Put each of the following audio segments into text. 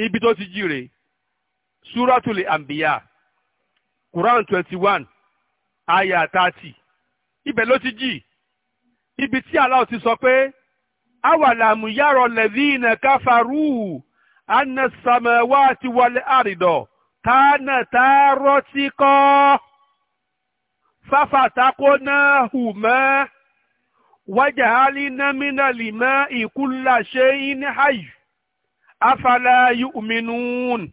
ibi tó ti jí rèé súrátùlẹ̀ àǹbíyà quran twenty one aya thirty ibẹ̀ ló ti jí ibi tí Allah ti sọ pé awàlàmù yàrá lẹ́dínà káfàrú anasamawa ti wọlé àrídọ̀ kánà tààrọ́ ti kọ́ fáfàtàkó náà hù mọ́ wájà hálí námínà ìkúlà ṣe ń háyù afala yu'minun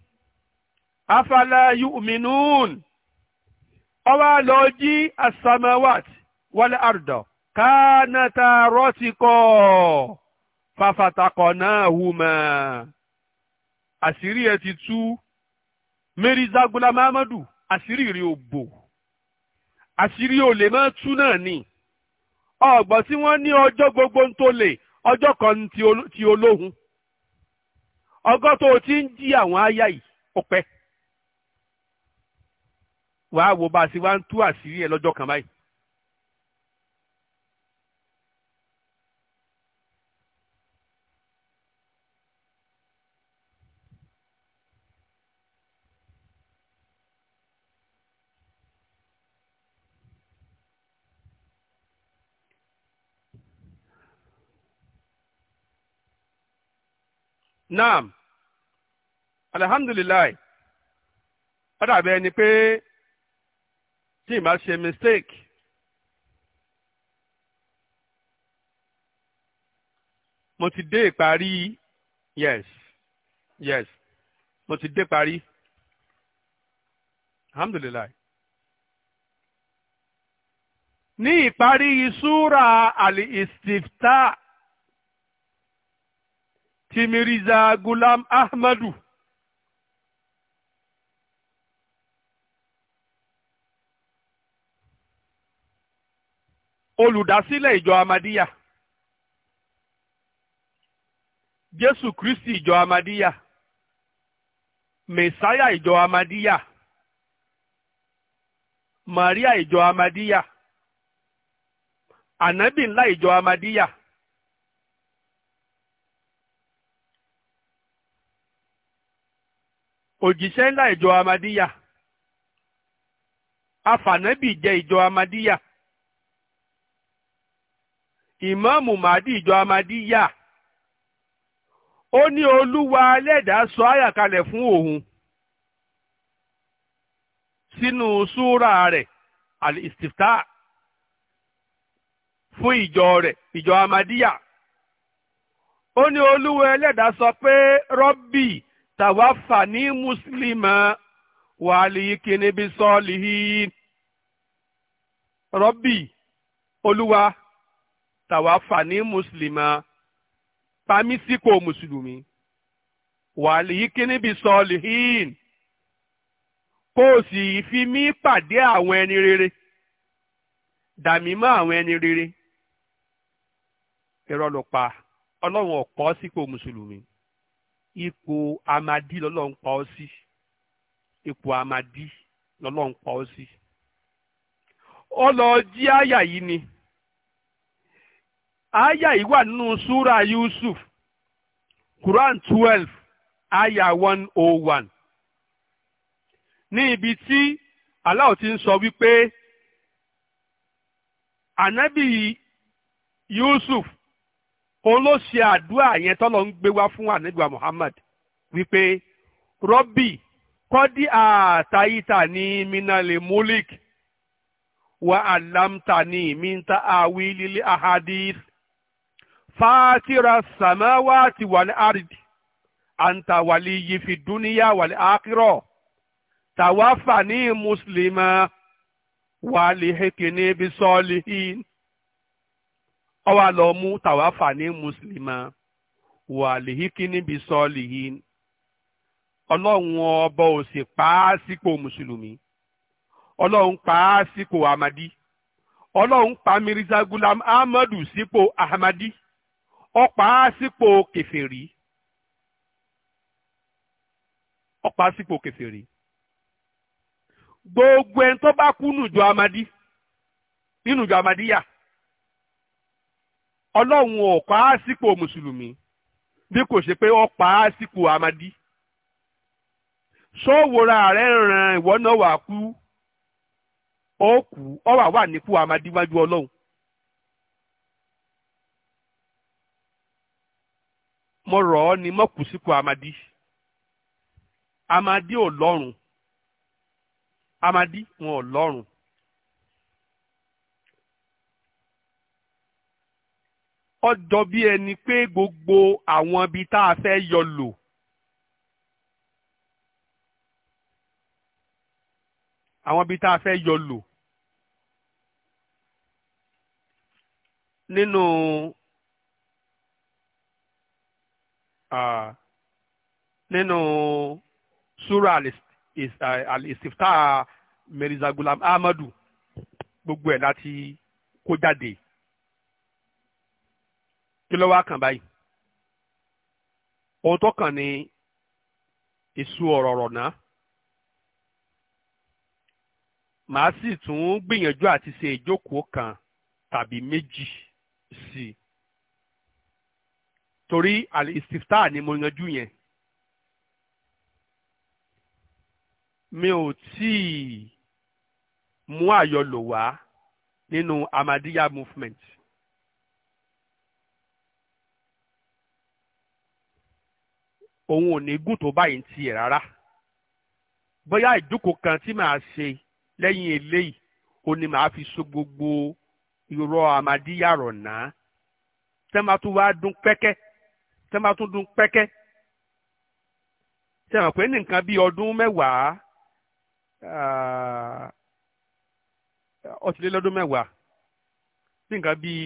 afala yu'minun ọwọ́ lọ jí asamawat wal arda kánata rọ́tìkọ́ fàfàtàkọ̀ náà hùmà àṣírí ẹ ti tú Mirza Ghulam Ahmad àṣírí rí o bò àṣírí ò lè má tú náà ni ọ̀gbọ́n tí wọ́n ní ọjọ́ gbogbo ń tó lè ọjọ́ kan ti olóhun ọgọ́ tó o ti ń jí àwọn aya yìí ó pẹ́ wàá wo bá a sì wá ń tú àṣírí ẹ lọ́jọ́ kan báyìí. naam alihamdulilayi ó dàbí ẹni pé tí ì máa ṣe mistake mo ti dé ìparí yes yes mo ti dé parí alihamdulilayi ní ìparí súra àlì ìsìftà ti Mirza Gulam Ahmadu. olùdásílẹ̀ ìjọ Amadíyà Jésù Kristi ìjọ Amadíyà Mèsáyà ìjọ Amadíyà Màríà ìjọ Amadíyà Ànábì ńlá ìjọ Amadíyà. òjíṣẹ́ ńlá ìjọ amadíyà afànábì jẹ́ ìjọ amadíyà ìmáàmù màdí ìjọ amadíyà ó ní olúwa ẹlẹ́dàá sọ àyàkalẹ̀ fún òun sínú súra rẹ̀ Alistair fún ìjọ rẹ̀ ìjọ amadíyà ó ní olúwa ẹlẹ́dàá sọ pé rọ́bì. tawaffani muslima wa alikini bi solihin Rabbi Olúwa tawaffani muslima pa mí sípò mùsùlùmí wa alikini bi solihin kó o sì fi mí pàdé àwọn ẹni rere dà mí àwọn ẹni rere irọ́ ló pa sípò mùsùlùmí. ipò amadi lọ́lọ́run pa ọ́ ipò amadi lọ́lọ́run pa ọ́ sí ó lọ àyà yìí ni àyà yìí wà nínú súra Yusuf Quran twelve àyà one oh one ní ibi tí Allah ti ń sọ wípé ànábì Yusuf òun ló ṣe àdúrà yẹn tọ́lọ́ ń gbé wá fún ànágbà Muhammad wípé rọ́bì kọ́dí àtàyíta ní minale mulik wa alamta ní minta awilili ahadith fatira samawati wal ard anta waliyi fi duniya wal akhirah tawafani muslima wa lihikini bisolihin ó wá lọ mú tàwáfà ní mùsùlùmá wà lèhíkí níbi sọ́ọ̀lì yìí ọlọ́run ọba ò sì pa á sípò mùsùlùmí ọlọ́run pa á sípò amadi ọlọ́run pa mirza gulam ahmadu sípò ahmadi ó pa á sípò kèfèrí ó pa á sípò kèfèrí gbogbo ẹni tó bá kú nùjọ amadi nínú ìjọ amadiya ọlọ́run ò pa á sípò mùsùlùmí bí kò ṣe pé ó pa á sípò amadi sọ́wọ́ra rẹ̀ ràn ìwọ náà wà kú ó kú ó wà wà nípò amadi wájú ọlọ́run. mo rọ̀ ọ́ ni mo kù sípò amadi amadi ò lọ́rùn amadi wọn ò lọ́rùn. ó jọ bí ẹni pé gbogbo àwọn ibi tá a fẹ́ yọ lò àwọn ibi tá a fẹ́ yọ lò nínú nínú sura al-istifta Ahmadu gbogbo ẹ̀ láti kó jáde kí ló wá kàn báyìí ohun tó kàn ní ìṣú ọ̀rọ̀ ọ̀rọ̀ náà màá sì tún gbìyànjú àti ṣe ìjókòó kan tàbí méjì sí i torí àlìsíftà ni mo yanjú yẹn mi ò tí ì mú àyọlò wá nínú Ahmadiyya movement. òun ò ní gùn tó báyìí ń tiẹ̀ rárá bóyá ìjókòó kan tí màá ṣe lẹ́yìn eléyìí ó ní màá fi so gbogbo irọ́ àmàdíyàrọ̀ náà tẹ́ máa tún wá dún pẹ́kẹ́ tẹ́ máa tún dún pẹ́kẹ́ tẹ́ mọ̀ pé ní nǹkan bíi ọdún mẹ́wàá ah, ọtìlélọ́dún mẹ́wàá ní nǹkan bíi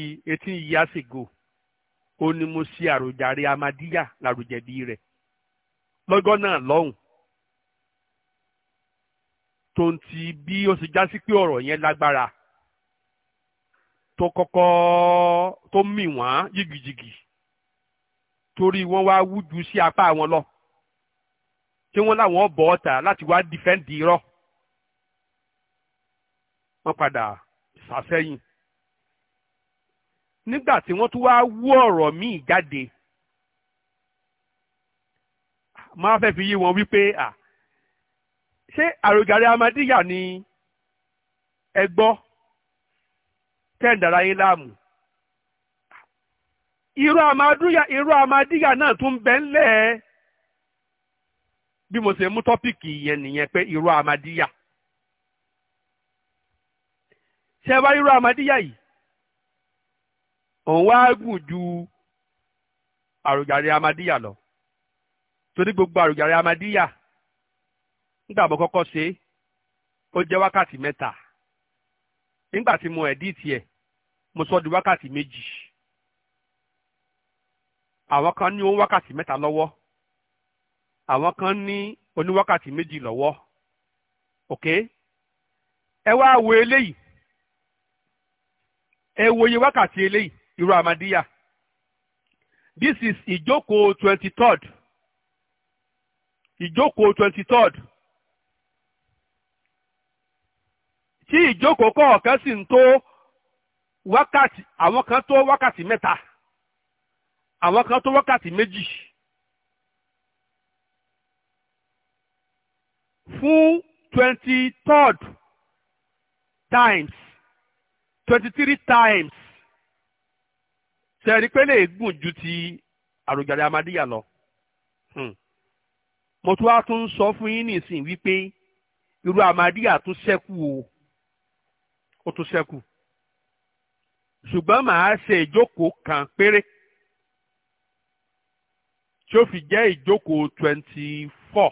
mo ṣe àròjàre rẹ̀ lọ́gọ́ náà lọ́hùn tó ń ti bí ó ṣe já sí pé ọ̀rọ̀ yẹn lágbára tó kọ́kọ́ tó mì wọ́n jìgìjìgì torí wọ́n wá wújú sí apá wọn lọ tí wọ́n láwọn bọ̀ ọ̀tà láti wá dìfẹ́ǹdì irọ́ wọ́n padà sàsẹ́yìn nígbà tí wọ́n tún wá wú ọ̀rọ̀ míì jáde máa fẹ́ fi yí wọn wípé à ṣé àrògàrí amadíyà ni ẹ gbọ́ tẹ́ǹdàrà yín láàmú irú amadúyà irú amadíyà náà tún bẹ́ ńlẹ̀ bí mo ṣe mú tọ́pìkì yẹn nìyẹn pé irú amadíyà ṣe wá irú amadíyà yìí òun wá gùn ju àrògàrí amadíyà lọ. torí gbogbo àròjàre amadíyà nígbà mo kọ́kọ́ ṣe é ó jẹ́ wákàtí mẹ́ta nígbà tí mo ẹ̀díìtì ẹ̀ mo sọ di wákàtí méjì àwọn kan ní ó wákàtí mẹ́ta lọ́wọ́ àwọn kan ní oníwákàtí méjì lọ́wọ́ ok ẹ wá wo eléyìí ẹ ewoye iye wákàtí eléyìí irú amadíyà this is ìjókòó twenty third ìjókòó twenty third tí ìjókòó kọ̀ọ̀kan sì ń tó wákàtí àwọn kan tó wákàtí mẹ́ta àwọn kan tó wákàtí méjì fún twenty third times twenty three times ṣe rí pé lè gùn ju ti àròjàre amadíyà lọ. Hmm. mo tún wá tún sọ fún yín nìsín wípé irú amadiya tún ṣẹ́kù o ó tún ṣẹ́kù ṣùgbọ́n màá ṣe ìjókòó kan péré tí ó fi jẹ́ ìjókòó twenty four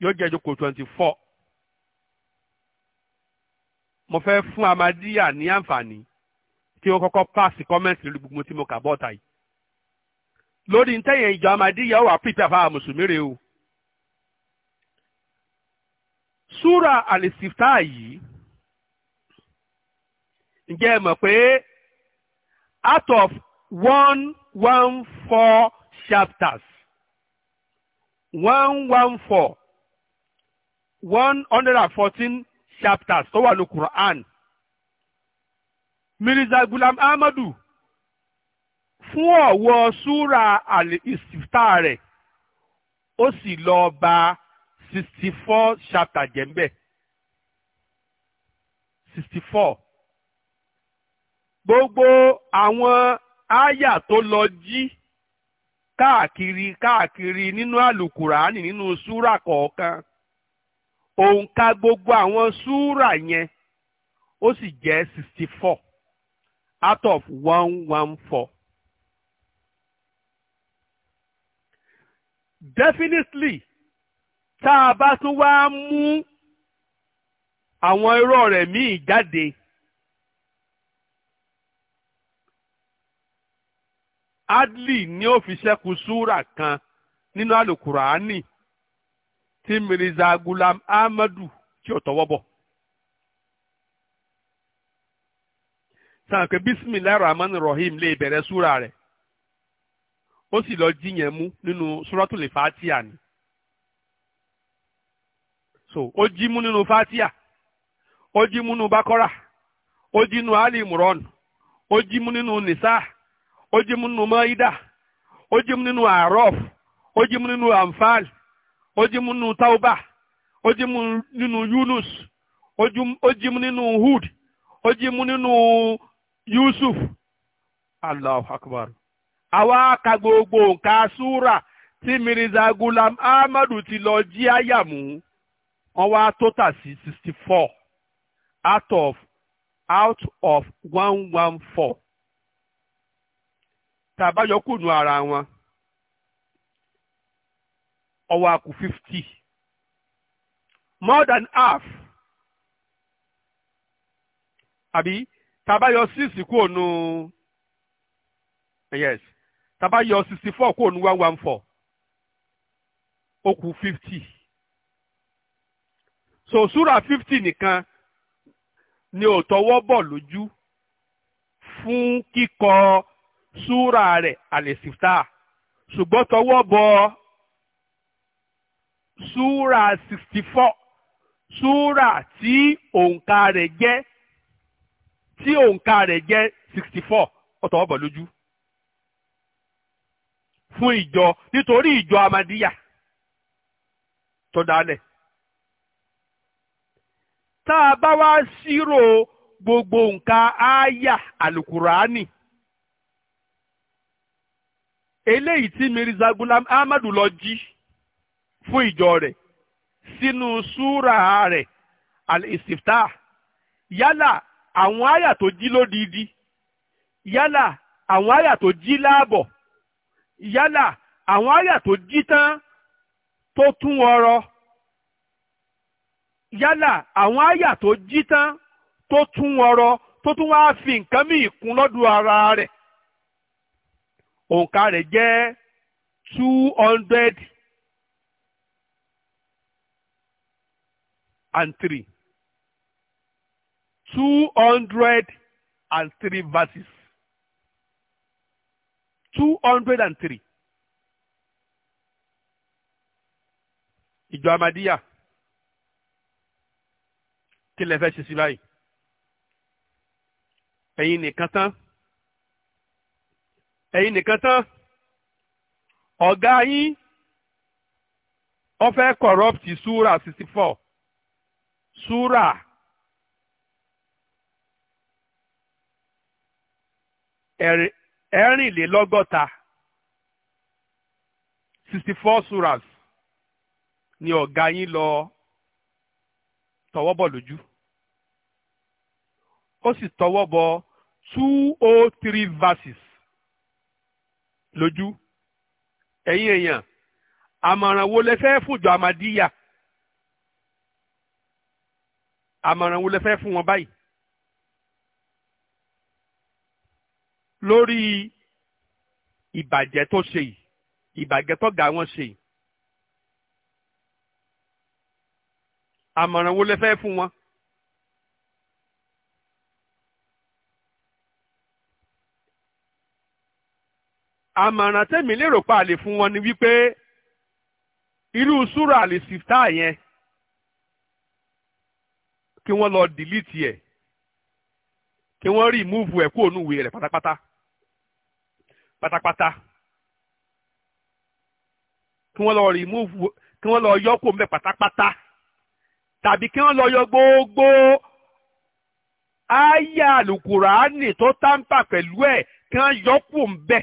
yóò jẹ́ ìjókòó twenty four mo fẹ́ fún amadiya ní àǹfààní tí ó kọ́kọ́ pass comment lórí gbogbo tí mo kà bọ́ọ̀ta yìí lórí ntẹ́yìn ìjọ amadíyà wà pípẹ́ fáwọn mùsùlùmí rè o. súra àlèsìftà yìí ǹjẹ́ ẹ mọ̀ pé out of one one four chapters one one four one hundred and fourteen chapters tó wà ní Quran Mirza Gulam Ahmadu fún ọ̀wọ́ súra àlìsìtà rẹ̀ ó sì lọ ba sixty four chapter jẹ́ sixty four gbogbo àwọn àyà tó lọ jí káàkiri káàkiri nínú àlùkùránì nínú súra kọ̀ọ̀kan òǹkà gbogbo àwọn súra yẹn ó sì jẹ́ sixty four out of one one four. definitely tá a bá tún wá mú àwọn irọ́ rẹ̀ míì jáde adli ni ó fi ṣẹ́kù súrà kan nínú àlùkùránì tí mirza gulam ahmadu tí ò tọwọ́ bọ̀. sanke pé rahman rahim lè bẹ̀rẹ̀ súrà rẹ̀ ó sì lọ jí yẹn mú nínú suratul fatia ni so ó jí mú nínú fatia ó jí mú nínú bakora ó jí nínú ali imran ó jí mú nínú nisa ó jí mú nínú maida ó jí mú nínú arof ó jí mú nínú anfal ó jí mú nínú tauba ó jí mú nínú yunus ó jí mú nínú hud ó jí mú nínú yusuf allahu akbar àwa ka gbogbo nǹkan súrà tí Mirza Gulam Ahmadu ti lọ jí àyàmú wọ́n wá total sí sixty four out of out of one one four tàbáyọ kùnú ara wọn ọwọ́ àkù fifty more than half àbí tàbáyọ six kùnú yes tàbá yọ sixty four kó ní one one four ó kù fifty so sura fifty nìkan ni ò tọwọ́ bọ̀ lójú fún kíkọ súrà rẹ̀ àlèsìftà ṣùgbọ́n tọwọ́ bọ̀ súrà sixty four súrà tí òǹkà rẹ̀ jẹ́ tí òǹkà rẹ̀ jẹ́ sixty four ó bọ̀ lójú. fún ìjọ nítorí ìjọ amadiya tó dálẹ̀. tá a bá wá gbogbo nǹkan àyà àlùkùránì eléyìí tí Mirza Ghulam Ahmadu lọ jí fún ìjọ rẹ̀ sínú súra rẹ̀ al yálà àwọn àyà tó jí lódìdí yálà àwọn àyà tó jí láàbọ̀ yálà àwọn àyà tó jí tán tó tún ọ̀rọ̀ yálà àwọn àyà tó jí tán tó tún ọ̀rọ̀ tó tún wá fi nǹkan míì kún lọ́dún ara rẹ̀ òǹkà rẹ̀ jẹ́ two hundred and three two hundred and three verses two hundred and three. ìjọ amadiya kí lè fẹ́ ṣe sí báyìí ẹ̀yin nìkan tán ẹ̀yin nìkan tán ọ̀gá yín ó fẹ́ corrupt sura sixty four sura ẹ̀rìnlélọ́gọ́ta sixty four suras ni ọ̀gá yín lọ tọwọ́ bọ̀ lójú ó sì tọwọ́ bọ̀ two oh three verses lójú ẹ̀yin èèyàn àmọ̀ràn wo lẹ fẹ́ fòjò àmàdíyà àmọ̀ràn wo lẹ fẹ́ fún wọn báyìí. lórí ìbàjẹ́ tó ṣe yìí ìbàjẹ́ tó ga wọn ṣe yìí. àmọ̀ràn wo lẹ fẹ́ fún wọn. àmọ̀ràn tẹ́mi lérò pa àlè fún wọn ni wípé irú súrà àlè sìftà yẹn kí wọ́n lọ dìlítì ẹ̀ kí wọ́n rí ìmúùfù ẹ̀ kúrò níwèé rẹ̀ pátápátá pátápátá kí wọ́n lọ rìmúfù kí wọ́n lọ yọ kó mbẹ pátápátá tàbí kí wọ́n lọ yọ gbogbo àyà àlùkùránì tó tàǹpà pẹ̀lú ẹ̀ kí wọ́n yọ kó mbẹ.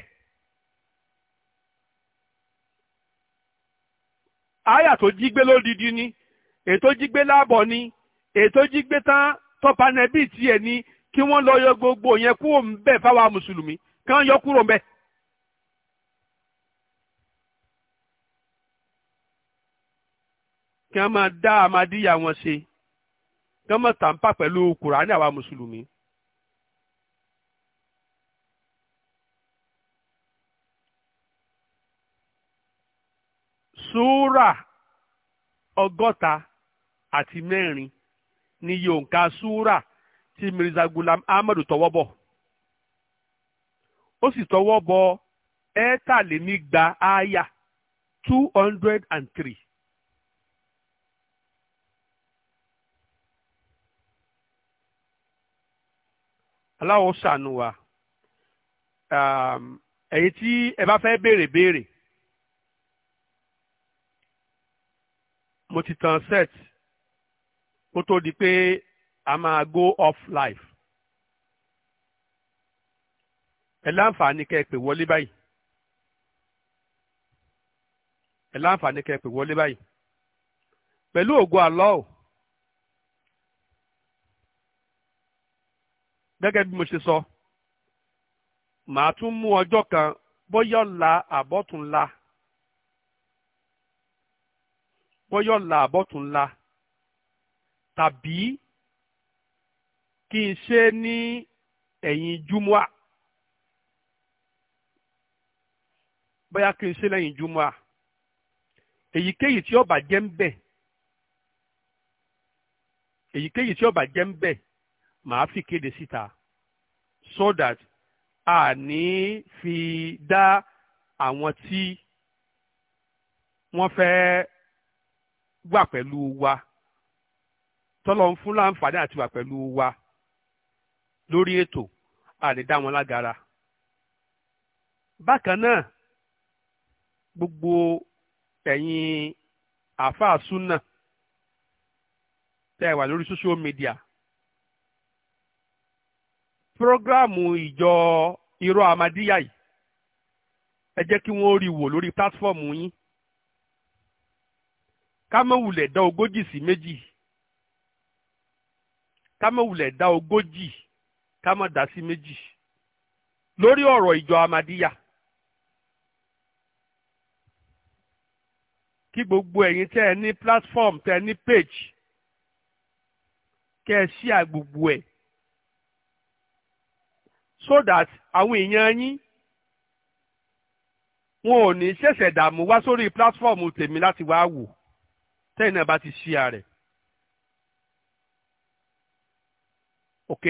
àyà tó jí gbé ni ètò jí gbé láàbọ̀ ni ètò jí gbé tán tọ́panẹ́bì tiẹ̀ ni kí wọ́n lọ yọ gbogbo yẹn kúrò ń bẹ̀ fáwa mùsùlùmí kí wọ́n yọ kúrò ń bẹ̀. kí wọ́n máa dá amadíyà wọn ṣe kí wọ́n máa tàǹpà pẹ̀lú kùránì àwa mùsùlùmí. súrà ọgọ́ta àti mẹ́rin ni yòǹkà súrà tí Mirza Gulam Ahmadu tọwọ́ bọ̀ ó sì tọwọ́ bọ̀ ẹ̀ẹ́tàlénígba àyà two hundred and three. aláwo ṣàánú wa èyí tí ẹ bá fẹ́ béèrè béèrè mo ti tan set kó tó di pé a máa go off live ẹ láǹfààní kẹ́ ẹ pè wọlé báyìí ẹ láǹfààní kẹ́ ẹ pè wọlé báyìí pẹ̀lú ògo àlọ́ ò. gẹ́gẹ́ bí mo ṣe sọ màá tún mú ọjọ́ kan bóyá ọ̀la àbọ̀túnla bóyá ọ̀la àbọ̀túnla tàbí kí n ṣe ní ẹ̀yìn júmọ́à bóyá kí n ṣe lẹ́yìn júmọ́à èyíkéyìí tí ó bá jẹ́ ń bẹ̀ èyíkéyìí tí ó jẹ́ ń bẹ̀ màá fi kéde síta so that a ní fi dá àwọn tí wọ́n fẹ́ wà pẹ̀lú wa tọ́lọ̀ ń fún láǹfààní àti wà pẹ̀lú wa lórí ètò a ní dá wọn lágara. bákan náà gbogbo ẹ̀yin àáfàá súnà tẹ́ ẹ wà lórí social media prógráàmù ìjọ irọ́ amadíyà yìí ẹ jẹ́ kí wọ́n rí wò lórí pílátífọ́ọ̀mù yín kámẹ́wùlẹ̀ dá ogójì sí méjì kámẹ́wùlẹ̀ dá ogójì kámẹ́dá sí méjì lórí ọ̀rọ̀ ìjọ gbogbo ẹ̀yin tẹ́ ẹ platform tẹ́ ẹ page kẹ́ ẹ ṣí àgbogbo so that àwọn èèyàn yín wọn ò ní ṣẹ̀ṣẹ̀ dààmú wá sórí pílátífọ́ọ̀mù tèmi láti wá wò tẹ́yìn náà bá ti ṣí ara rẹ̀. ok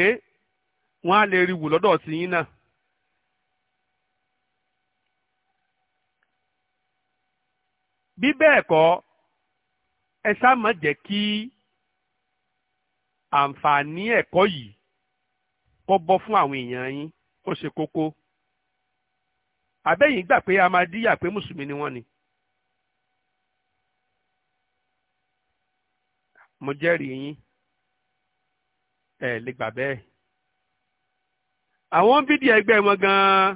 wọ́n á lè rí wù lọ́dọ̀ sí yín náà. bí bẹ́ẹ̀ kọ́ ẹ sá má jẹ́ kí àǹfààní ẹ̀kọ́ yìí kó bọ́ fún àwọn èèyàn yín ó ṣe kókó àbẹ́yìn gbà pé amadíyà pé mùsùlùmí ni wọ́n ni. mo jẹ́rìí ẹ̀ lè gbà bẹ́ẹ̀. àwọn fídíò ẹgbẹ́ wọn gan-an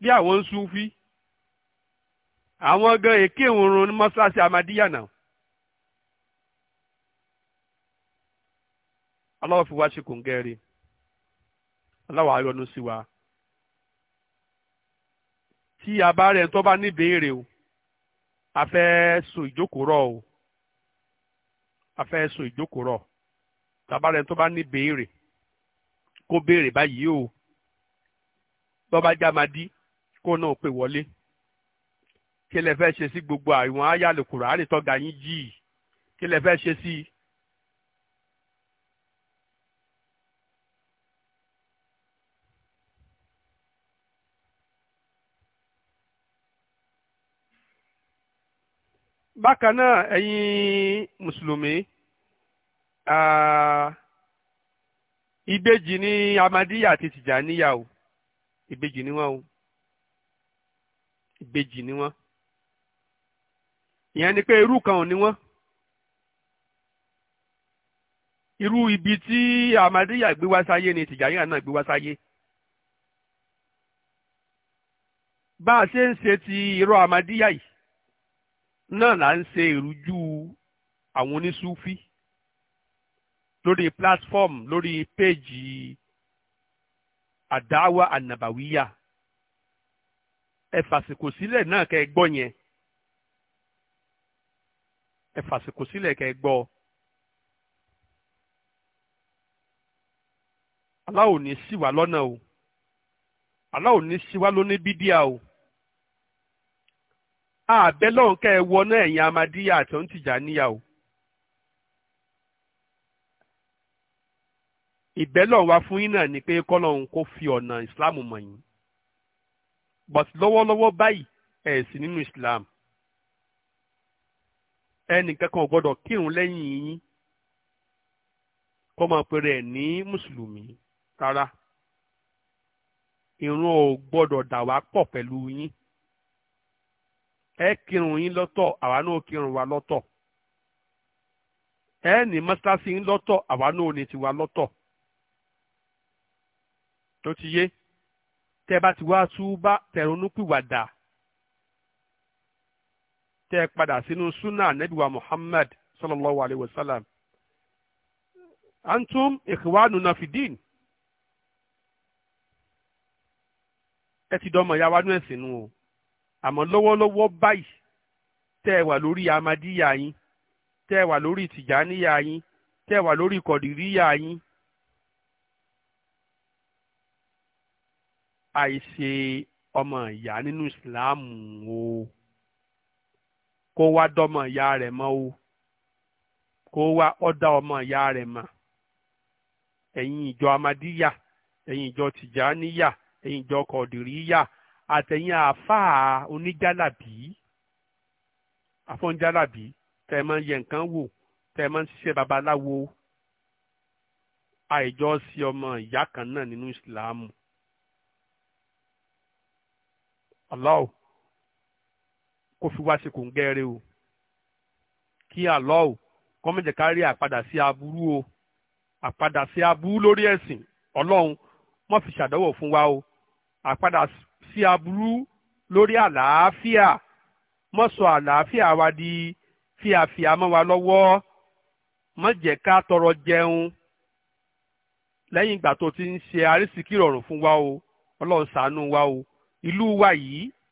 bí àwọn ń súnfí àwọn gan èké ní mọ́ṣáláṣí amadíyà náà. aláwọ̀ ayọ́nu sí wa tí a bá rẹ̀ tó bá níbèrè o a fẹ́ so ìjókòrọ̀ o a fẹ́ so ìjókòrọ̀ tàbá rẹ̀ tó bá níbèrè kó béèrè báyìí o bọ́bá jámadí kó náà pè wọlé kí lẹ fẹ́ ṣe sí gbogbo àwọn ayálòkùrọ̀ àrètọ́gà yín jì kí lẹ fẹ́ ṣe sí i bákan náà ẹ̀yin mùsùlùmí ìbejì ni amadiya àti tìjàníyà o ìbejì ni o ìbejì ni wọn ìyẹn ni pé irú kan ò ní irú ibi tí amadiya gbé wá sáyé ni tìjàníyà náà gbé wá sáyé. bá a ṣe ń ṣe ti irọ́ amadiya yìí náà là ń ṣe ìrújú àwọn onísúfí lórí platform lórí péèjì àdáwà ànàbàwíyà ẹ fàsìkò sílẹ̀ náà kẹ́ ẹ gbọ́ yẹn ẹ fàsìkò sílẹ̀ kẹ́ ẹ gbọ́. Allah ò ní ṣì wá lọ́nà o Allah ní ṣì wá lóní bídíà o. a ewu ọnụ ẹ wọná ẹ̀yìn amadíyà àti òǹtìjà wa fún yín náà ni pé fi ọ̀nà islam mọ̀ yín but lọ́wọ́lọ́wọ́ báyìí ẹ̀ islam ẹnìkan kan ò gbọ́dọ̀ kírun lẹ́yìn yín kó máa pèrè ẹ̀ ní mùsùlùmí rárá irun ò dà wá pọ̀ ẹ kírun yín lọ́tọ̀ àwa náà kírun wa lọ́tọ̀ ẹ ní mọ́sálásí yín lọ́tọ̀ àwa náà ní tiwa lọ́tọ̀ tó ti yé tẹ bá ti wá túbá tẹ̀rónúpìwàdà tẹ padà sínú súnà nẹ́bíwá Muhammad sallallahu alayhi wa sallam antum ikhwanuna fi din ẹ ti dọ́mọ̀ yá wá nú nù o àmọ́ lọ́wọ́lọ́wọ́ báyìí tẹ́ ẹ wà lórí amadíyà yín tẹ́ ẹ wà lórí tìjáníyà yín tẹ́ ẹ wà lórí kọ̀dìríyà yín. àìṣe ọmọ ìyá nínú ìsìláàmù o kó wá dọ́mọ ìyá rẹ̀ mọ́ o kó wá ọ̀dà ọmọ ìyá rẹ̀ mọ́ ẹ̀yin ìjọ amadíyà ẹ̀yin ìjọ tìjáníyà ẹ̀yin ìjọ kọ̀dìríyà àtẹ̀yìn àáfàá oníjálàbí àfọ̀njálàbí tẹ̀ ẹ̀ máa ń yẹ nǹkan wò tẹ̀ ẹ̀ máa ń ṣiṣẹ́ babaláwo àìjọ sí ọmọ ìyá kan náà nínú ìsìláàmù. Allah kó fi wá sí kòǹgẹ́rẹ́ o kí Allah kọ́mẹ̀jẹ̀ kárí àpadà sí aburú o àpadà sí aburú lórí ẹ̀sìn ọlọ́run mọ̀ fi ṣàdánwò fún wa o àpadà sí aburú lórí àlàáfíà mọ́ sọ àlàáfíà wa di fíàfíà mọ́ wa lọ́wọ́ mọ́ jẹ́ ká tọrọ jẹun lẹ́yìn ìgbà tó ti ń ṣe àrísìkí rọrùn fún wa o ọlọ́run ṣàánú wa o ìlú wa yìí